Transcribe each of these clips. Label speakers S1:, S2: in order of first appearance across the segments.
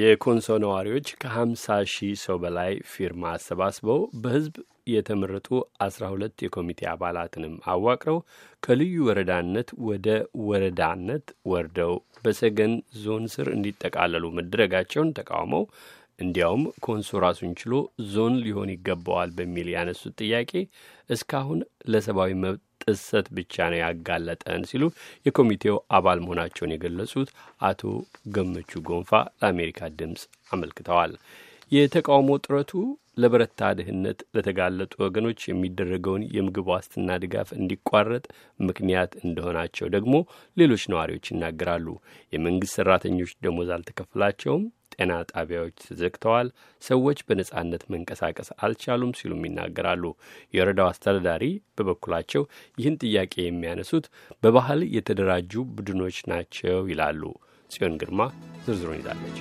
S1: የኮንሶ ነዋሪዎች ከ50 ሺህ ሰው በላይ ፊርማ አሰባስበው በህዝብ የተመረጡ 12 የኮሚቴ አባላትንም አዋቅረው ከልዩ ወረዳነት ወደ ወረዳነት ወርደው በሰገን ዞን ስር እንዲጠቃለሉ መደረጋቸውን ተቃውመው እንዲያውም ኮንሶ ራሱን ችሎ ዞን ሊሆን ይገባዋል በሚል ያነሱት ጥያቄ እስካሁን ለሰብአዊ መብት ጥሰት ብቻ ነው ያጋለጠን ሲሉ የኮሚቴው አባል መሆናቸውን የገለጹት አቶ ገመቹ ጎንፋ ለአሜሪካ ድምፅ አመልክተዋል። የተቃውሞ ጥረቱ ለበረታ ድህነት ለተጋለጡ ወገኖች የሚደረገውን የምግብ ዋስትና ድጋፍ እንዲቋረጥ ምክንያት እንደሆናቸው ደግሞ ሌሎች ነዋሪዎች ይናገራሉ። የመንግስት ሰራተኞች ደሞዝ አልተከፈላቸውም፣ ጤና ጣቢያዎች ተዘግተዋል፣ ሰዎች በነጻነት መንቀሳቀስ አልቻሉም ሲሉም ይናገራሉ። የወረዳው አስተዳዳሪ በበኩላቸው ይህን ጥያቄ የሚያነሱት በባህል የተደራጁ ቡድኖች ናቸው ይላሉ። ጽዮን ግርማ ዝርዝሩን ይዛለች።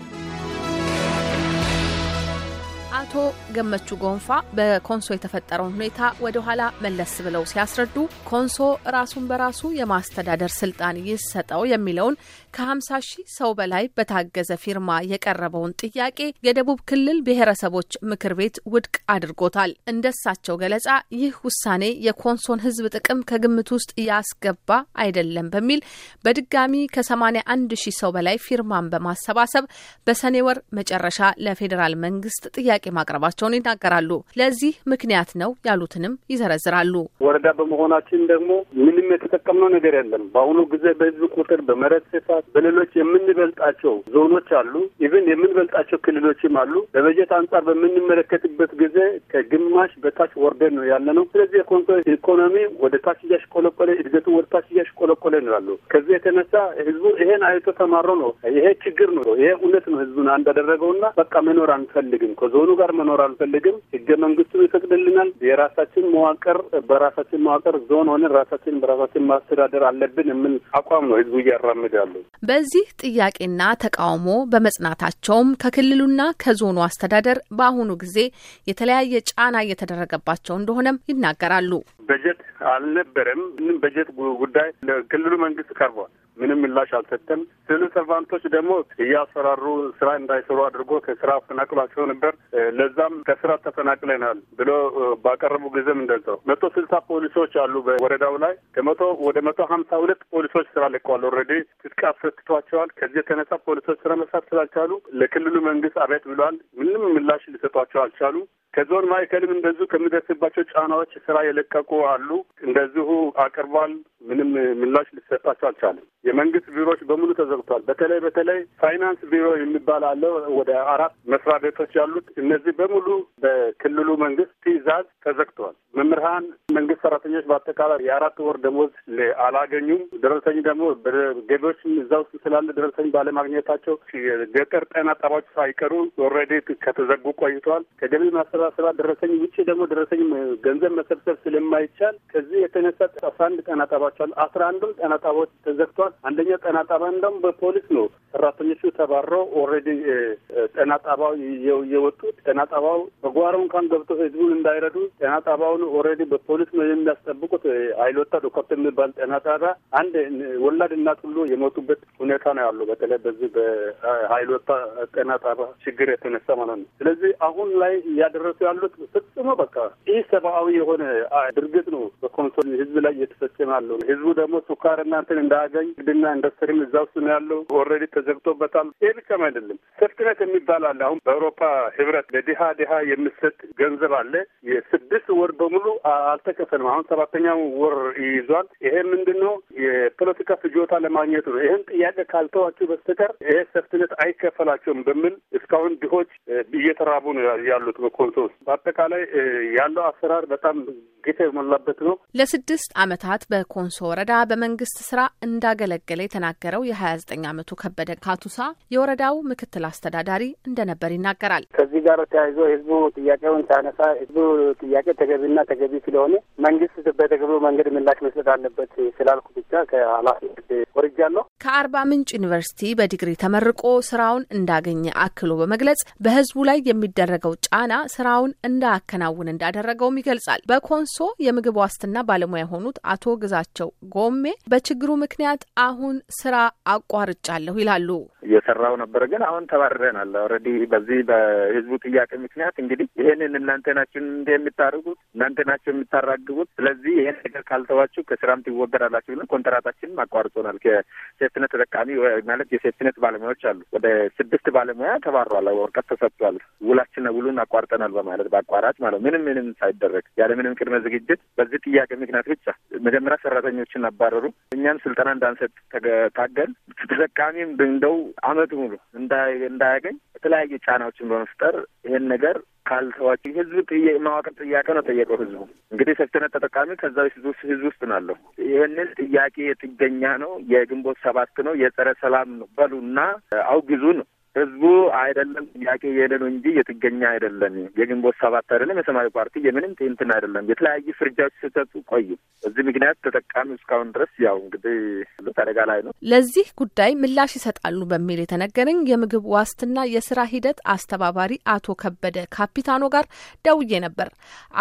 S2: አቶ ገመቹ ጎንፋ በኮንሶ የተፈጠረውን ሁኔታ ወደ ኋላ መለስ ብለው ሲያስረዱ ኮንሶ ራሱን በራሱ የማስተዳደር ስልጣን ይሰጠው የሚለውን ከ50 ሺህ ሰው በላይ በታገዘ ፊርማ የቀረበውን ጥያቄ የደቡብ ክልል ብሔረሰቦች ምክር ቤት ውድቅ አድርጎታል። እንደሳቸው ገለጻ ይህ ውሳኔ የኮንሶን ሕዝብ ጥቅም ከግምት ውስጥ ያስገባ አይደለም በሚል በድጋሚ ከ81 ሺህ ሰው በላይ ፊርማን በማሰባሰብ በሰኔ ወር መጨረሻ ለፌዴራል መንግስት ጥያቄ ማቅረባቸውን ይናገራሉ። ለዚህ ምክንያት ነው ያሉትንም ይዘረዝራሉ።
S3: ወረዳ በመሆናችን ደግሞ ምንም የተጠቀምነው ነገር የለም። በአሁኑ ጊዜ በህዝብ ቁጥር፣ በመሬት ስፋት፣ በሌሎች የምንበልጣቸው ዞኖች አሉ። ኢቭን የምንበልጣቸው ክልሎችም አሉ። በበጀት አንጻር በምንመለከትበት ጊዜ ከግማሽ በታች ወርደን ነው ያለ ነው። ስለዚህ የኮንሶ ኢኮኖሚ ወደ ታች እያሽቆለቆለ፣ እድገቱ ወደ ታች እያሽቆለቆለ ነው ያሉ። ከዚህ የተነሳ ህዝቡ ይሄን አይቶ ተማሮ ነው ይሄ ችግር ነው ይሄ እውነት ነው ህዝቡን አንዳደረገውና በቃ መኖር አንፈልግም ከዞኑ ጋር መኖር አልፈልግም። ህገ መንግስቱ ይፈቅድልናል። የራሳችን መዋቅር በራሳችን መዋቅር ዞን ሆነን ራሳችን በራሳችን ማስተዳደር አለብን የምል አቋም ነው ህዝቡ እያራምዳሉ።
S2: በዚህ ጥያቄና ተቃውሞ በመጽናታቸውም ከክልሉና ከዞኑ አስተዳደር በአሁኑ ጊዜ የተለያየ ጫና እየተደረገባቸው እንደሆነም ይናገራሉ።
S3: በጀት አልነበረም። ምንም በጀት ጉዳይ ለክልሉ መንግስት ቀርቧል። ምንም ምላሽ አልሰጠም። ሲቪል ሰርቫንቶች ደግሞ እያሰራሩ ስራ እንዳይሰሩ አድርጎ ከስራ አፈናቅሏቸው ነበር። ለዛም ከስራ ተፈናቅለናል ብሎ ባቀረቡ ጊዜም እንደዛው መቶ ስልሳ ፖሊሶች አሉ በወረዳው ላይ ከመቶ ወደ መቶ ሀምሳ ሁለት ፖሊሶች ስራ ለቀዋል። ኦልሬዲ ትጥቅ አስፈትቷቸዋል። ከዚህ የተነሳ ፖሊሶች ስራ መስራት ስላልቻሉ ለክልሉ መንግስት አቤት ብለዋል። ምንም ምላሽ ሊሰጧቸው አልቻሉ። ከዞን ማዕከልም እንደዚሁ ከሚደርስባቸው ጫናዎች ስራ የለቀቁ አሉ። እንደዚሁ አቅርቧል። ምንም ምላሽ ሊሰጣቸው አልቻለም። የመንግስት ቢሮዎች በሙሉ ተዘግቷል። በተለይ በተለይ ፋይናንስ ቢሮ የሚባል አለ። ወደ አራት መስሪያ ቤቶች ያሉት እነዚህ በሙሉ በክልሉ መንግስት ትዕዛዝ ተዘግተዋል። መምህራን፣ መንግስት ሰራተኞች በአጠቃላይ የአራት ወር ደሞዝ አላገኙም። ደረሰኝ ደግሞ ገቢዎች እዛ ውስጥ ስላለ ደረሰኝ ባለማግኘታቸው የገጠር ጤና ጣቢያዎች ሳይቀሩ ኦልሬዲ ከተዘጉ ቆይተዋል። ከገቢ ማሰራ ማሰባሰባት ደረሰኝ ውጭ ደግሞ ደረሰኝ ገንዘብ መሰብሰብ ስለማይቻል ከዚህ የተነሳ አስራ አንድ ጤና ጣቢያዎች አሉ። አስራ አንዱም ጤና ጣቢያዎች ተዘግተዋል። አንደኛው ጤና ጣቢያ እንደውም በፖሊስ ነው ሰራተኞቹ ተባረው ኦልሬዲ ጤና ጣቢያው የወጡት ጤና ጣቢያው በጓሮ እንኳን ገብቶ ህዝቡን እንዳይረዱ ጤና ጣቢያውን ኦልሬዲ በፖሊስ ነው የሚያስጠብቁት። አይሎታ ዶኮርት የሚባል ጤና ጣቢያ አንድ ወላድ እናት ሁሉ የሞቱበት ሁኔታ ነው ያሉ በተለይ በዚህ በሀይሎታ ጤና ጣቢያ ችግር የተነሳ ማለት ነው። ስለዚህ አሁን ላይ እያደረ እየደረሱ ያሉት ፈጽሞ በቃ ይህ ሰብአዊ የሆነ ድርጊት ነው በኮንሶ ህዝብ ላይ እየተፈጸመ ያለው። ህዝቡ ደግሞ ሱካር እናንትን እንዳያገኝ ግድና ኢንዱስትሪም እዛ ውስጥ ነው ያለው። ኦልሬዲ ተዘግቶበታል። ይህ ብቻም አይደለም። ሴፍትኔት የሚባል አለ። አሁን በአውሮፓ ህብረት ለድሃ ድሃ የሚሰጥ ገንዘብ አለ። የስድስት ወር በሙሉ አልተከፈልም። አሁን ሰባተኛው ወር ይይዟል። ይሄ ምንድን ነው? የፖለቲካ ፍጆታ ለማግኘት ነው። ይህን ጥያቄ ካልተዋቸው በስተቀር ይሄ ሰፍትነት አይከፈላቸውም በሚል እስካሁን ድሆች እየተራቡ ነው ያሉት በኮንሶ ሶስት በአጠቃላይ ያለው አሰራር በጣም ጌታ የሞላበት ነው።
S2: ለስድስት አመታት በኮንሶ ወረዳ በመንግስት ስራ እንዳገለገለ የተናገረው የሀያ ዘጠኝ ዓመቱ ከበደ ካቱሳ የወረዳው ምክትል አስተዳዳሪ እንደነበር ይናገራል። ከዚህ
S3: ጋር ተያይዞ ህዝቡ ጥያቄውን ሲያነሳ ህዝቡ ጥያቄ ተገቢና ተገቢ ስለሆነ መንግስት በተገቢው መንገድ ምላሽ መስጠት አለበት ስላልኩ ብቻ ከኃላፊነት ወርጃለሁ።
S2: ከአርባ ምንጭ ዩኒቨርሲቲ በዲግሪ ተመርቆ ስራውን እንዳገኘ አክሎ በመግለጽ በህዝቡ ላይ የሚደረገው ጫና ስራውን እንዳያከናውን እንዳደረገውም ይገልጻል። በኮንሶ የምግብ ዋስትና ባለሙያ የሆኑት አቶ ግዛቸው ጎሜ በችግሩ ምክንያት አሁን ስራ አቋርጫለሁ ይላሉ።
S3: እየሰራው ነበር፣ ግን አሁን ተባርረናል። ኦልሬዲ በዚህ በህዝቡ ጥያቄ ምክንያት እንግዲህ ይህንን እናንተ ናችሁ እንደ የምታደርጉት እናንተ ናችሁ የምታራግቡት፣ ስለዚህ ይህን ነገር ካልተዋችሁ ከስራም ትወገዳላችሁ ብለን ኮንትራታችንም አቋርጦናል። የሴፍትነት ተጠቃሚ ማለት የሴፍትነት ባለሙያዎች አሉ። ወደ ስድስት ባለሙያ ተባሯል፣ ወረቀት ተሰጥቷል። ውላችን ውሉን አቋርጠናል በማለት በአቋራጭ ማለት ምንም ምንም ሳይደረግ ያለ ምንም ቅድመ ዝግጅት በዚህ ጥያቄ ምክንያት ብቻ መጀመሪያ ሰራተኞችን አባረሩ። እኛም ስልጠና እንዳንሰጥ ታገል ተጠቃሚም እንደው አመቱ ሙሉ እንዳያገኝ የተለያዩ ጫናዎችን በመፍጠር ይሄን ነገር ካልተዋጭ ህዝብ መዋቅር ጥያቄ ነው ጠየቀው። ህዝቡ እንግዲህ ሰፍትነት ተጠቃሚ ከዛ ህዝብ ውስጥ ናለሁ። ይህንን ጥያቄ የጥገኛ ነው፣ የግንቦት ሰባት ነው፣ የጸረ ሰላም ነው በሉና አውግዙ ነው ህዝቡ አይደለም ጥያቄ እየሄደ ነው እንጂ የትገኛ አይደለም። የግንቦት ሰባት አይደለም የሰማያዊ ፓርቲ የምንም እንትን አይደለም። የተለያዩ ፍርጃዎች ሲሰጡ ቆዩ። በዚህ ምክንያት ተጠቃሚ እስካሁን ድረስ ያው እንግዲህ አደጋ ላይ ነው።
S2: ለዚህ ጉዳይ ምላሽ ይሰጣሉ በሚል የተነገረኝ የምግብ ዋስትና የስራ ሂደት አስተባባሪ አቶ ከበደ ካፒታኖ ጋር ደውዬ ነበር።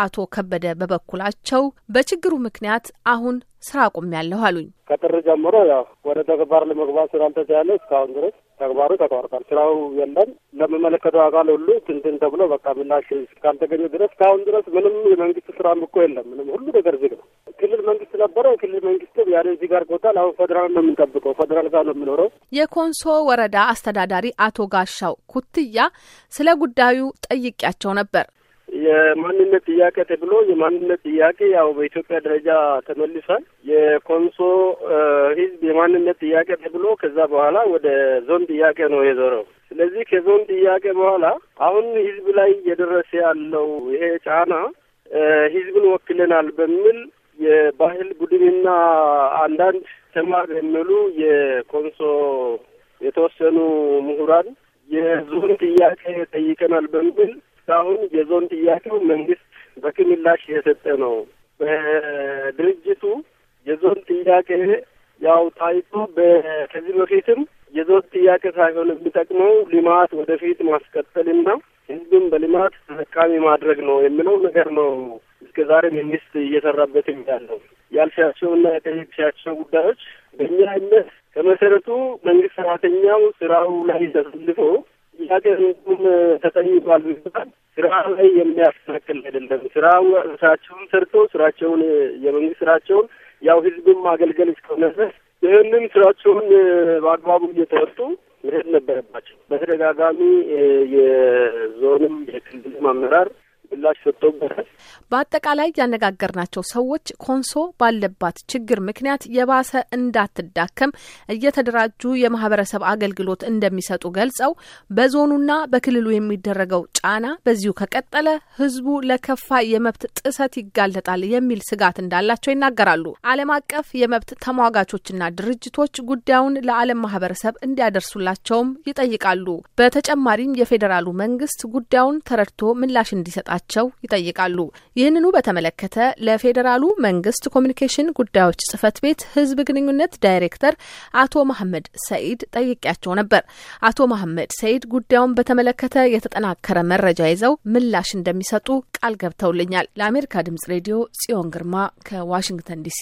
S2: አቶ ከበደ በበኩላቸው በችግሩ ምክንያት አሁን ስራ አቁሜያለሁ አሉኝ።
S3: ከጥር ጀምሮ ያው ወደ ተግባር ለመግባት ስላልተቻለ እስካሁን ድረስ ተግባሩ ተቋርጧል። ስራው የለም። ለሚመለከተው አካል ሁሉ ትንትን ተብሎ በቃ ምላሽ እስካልተገኘ ድረስ እስካሁን ድረስ ምንም የመንግስት ስራም እኮ የለም። ምንም ሁሉ ነገር ዝግ ነው። ክልል መንግስት ነበረ። ክልል መንግስት ያ እዚህ ጋር ቦታል። አሁን ፌዴራል ነው የምንጠብቀው። ፌዴራል ጋር ነው የምኖረው።
S2: የኮንሶ ወረዳ አስተዳዳሪ አቶ ጋሻው ኩትያ ስለ ጉዳዩ ጠይቄያቸው ነበር።
S3: የማንነት ጥያቄ ተብሎ የማንነት ጥያቄ ያው በኢትዮጵያ ደረጃ ተመልሷል። የኮንሶ ህዝብ የማንነት ጥያቄ ተብሎ ከዛ በኋላ ወደ ዞን ጥያቄ ነው የዞረው። ስለዚህ ከዞን ጥያቄ በኋላ አሁን ህዝብ ላይ እየደረሰ ያለው ይሄ ጫና ህዝብን ወክለናል በሚል የባህል ቡድንና አንዳንድ ተማር የሚሉ የኮንሶ የተወሰኑ ምሁራን የዞን ጥያቄ ጠይቀናል በሚል እስካሁን የዞን ጥያቄው መንግስት በክምላሽ የሰጠ ነው። በድርጅቱ የዞን ጥያቄ ያው ታይቶ ከዚህ በፊትም የዞን ጥያቄ ሳይሆን የሚጠቅመው ልማት ወደፊት ማስቀጠልና ህዝብም በልማት ተጠቃሚ ማድረግ ነው የሚለው ነገር ነው። እስከ ዛሬ መንግስት እየሰራበትም ያለው ያልሻቸውና የጠየቅሻቸው ጉዳዮች በእኛ እምነት ከመሰረቱ መንግስት ሰራተኛው ስራው ላይ ተሰልፎ ጥያቄውን ተጠይቋል ይባል ስራ ላይ የሚያስተካክል አይደለም። ስራ ስራቸውን ሰርቶ ስራቸውን የመንግስት ስራቸውን ያው ህዝብም ማገልገል እስከሆነ ድረስ ይህንን ስራቸውን በአግባቡ እየተወጡ መሄድ ነበረባቸው። በተደጋጋሚ የዞንም የክልልም አመራር ምላሽ ሰጥተውበታል።
S2: በአጠቃላይ ያነጋገርናቸው ሰዎች ኮንሶ ባለባት ችግር ምክንያት የባሰ እንዳትዳከም እየተደራጁ የማህበረሰብ አገልግሎት እንደሚሰጡ ገልጸው በዞኑና በክልሉ የሚደረገው ጫና በዚሁ ከቀጠለ ህዝቡ ለከፋ የመብት ጥሰት ይጋለጣል የሚል ስጋት እንዳላቸው ይናገራሉ። ዓለም አቀፍ የመብት ተሟጋቾችና ድርጅቶች ጉዳዩን ለዓለም ማህበረሰብ እንዲያደርሱላቸውም ይጠይቃሉ። በተጨማሪም የፌዴራሉ መንግስት ጉዳዩን ተረድቶ ምላሽ እንዲሰጣቸው እንዲኖራቸው ይጠይቃሉ። ይህንኑ በተመለከተ ለፌዴራሉ መንግስት ኮሚኒኬሽን ጉዳዮች ጽህፈት ቤት ህዝብ ግንኙነት ዳይሬክተር አቶ መሐመድ ሰኢድ ጠይቄያቸው ነበር። አቶ መሐመድ ሰኢድ ጉዳዩን በተመለከተ የተጠናከረ መረጃ ይዘው ምላሽ እንደሚሰጡ ቃል ገብተውልኛል። ለአሜሪካ ድምጽ ሬዲዮ ጽዮን ግርማ ከዋሽንግተን ዲሲ